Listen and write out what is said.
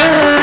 Yeah.